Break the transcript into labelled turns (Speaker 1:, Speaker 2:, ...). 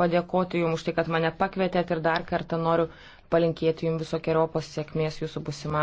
Speaker 1: padėkoti Jums už tai, kad mane pakvietėt ir dar kartą noriu palinkėti Jums visokiojopos sėkmės Jūsų busimam.